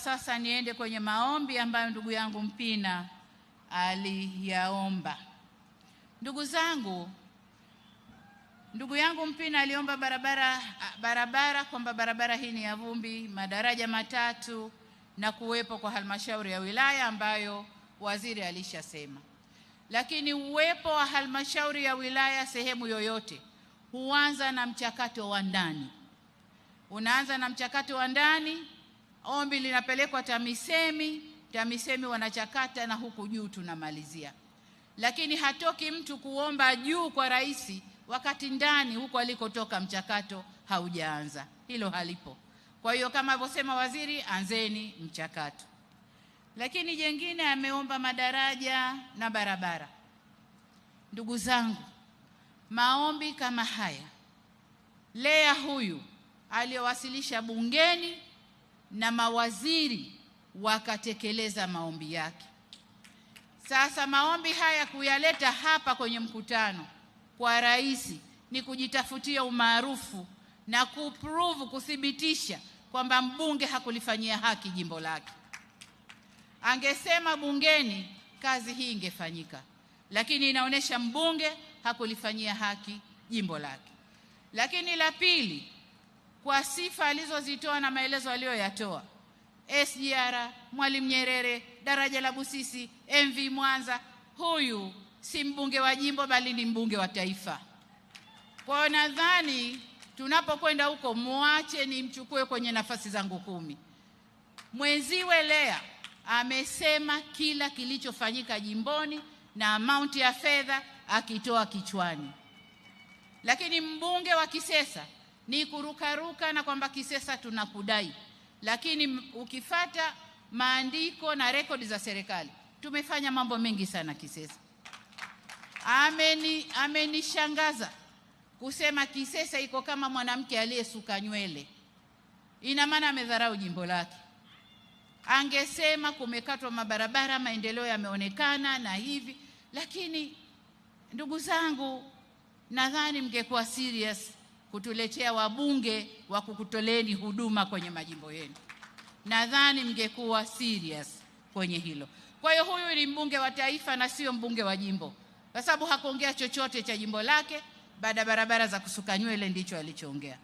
sasa niende kwenye maombi ambayo ndugu yangu Mpina aliyaomba. Ndugu zangu, ndugu yangu Mpina aliomba barabara, barabara kwamba barabara hii ni ya vumbi, madaraja matatu na kuwepo kwa halmashauri ya wilaya ambayo waziri alishasema. Lakini uwepo wa halmashauri ya wilaya sehemu yoyote huanza na mchakato wa ndani, unaanza na mchakato wa ndani Ombi linapelekwa TAMISEMI, TAMISEMI wanachakata na huku juu tunamalizia. Lakini hatoki mtu kuomba juu kwa rais wakati ndani huko alikotoka mchakato haujaanza, hilo halipo. Kwa hiyo kama alivyosema waziri, anzeni mchakato. Lakini jengine ameomba madaraja na barabara. Ndugu zangu, maombi kama haya lea huyu aliyowasilisha bungeni na mawaziri wakatekeleza maombi yake. Sasa maombi haya kuyaleta hapa kwenye mkutano kwa rais ni kujitafutia umaarufu na kuprove, kuthibitisha kwamba mbunge hakulifanyia haki jimbo lake. Angesema bungeni, kazi hii ingefanyika, lakini inaonyesha mbunge hakulifanyia haki jimbo lake. Lakini la pili kwa sifa alizozitoa na maelezo aliyoyatoa SGR, Mwalimu Nyerere, daraja la Busisi, MV Mwanza. Huyu si mbunge wa jimbo bali ni mbunge wa taifa. Kwa hiyo nadhani tunapokwenda huko, muache nimchukue kwenye nafasi zangu kumi. Mwenziwe Lea amesema kila kilichofanyika jimboni na amaunti ya fedha akitoa kichwani, lakini mbunge wa Kisesa ni kurukaruka na kwamba kisesa tunakudai, lakini ukifata maandiko na rekodi za serikali tumefanya mambo mengi sana kisesa. Ameni, amenishangaza kusema kisesa iko kama mwanamke aliyesuka nywele. Ina maana amedharau jimbo lake. Angesema kumekatwa mabarabara, maendeleo yameonekana na hivi, lakini ndugu zangu, nadhani mngekuwa serious kutuletea wabunge wa kukutoleni huduma kwenye majimbo yenu. Nadhani mngekuwa serious kwenye hilo. Kwa hiyo huyu ni mbunge wa taifa na sio mbunge wa jimbo, kwa sababu hakuongea chochote cha jimbo lake. Baada ya barabara za kusuka nywele, ndicho alichoongea.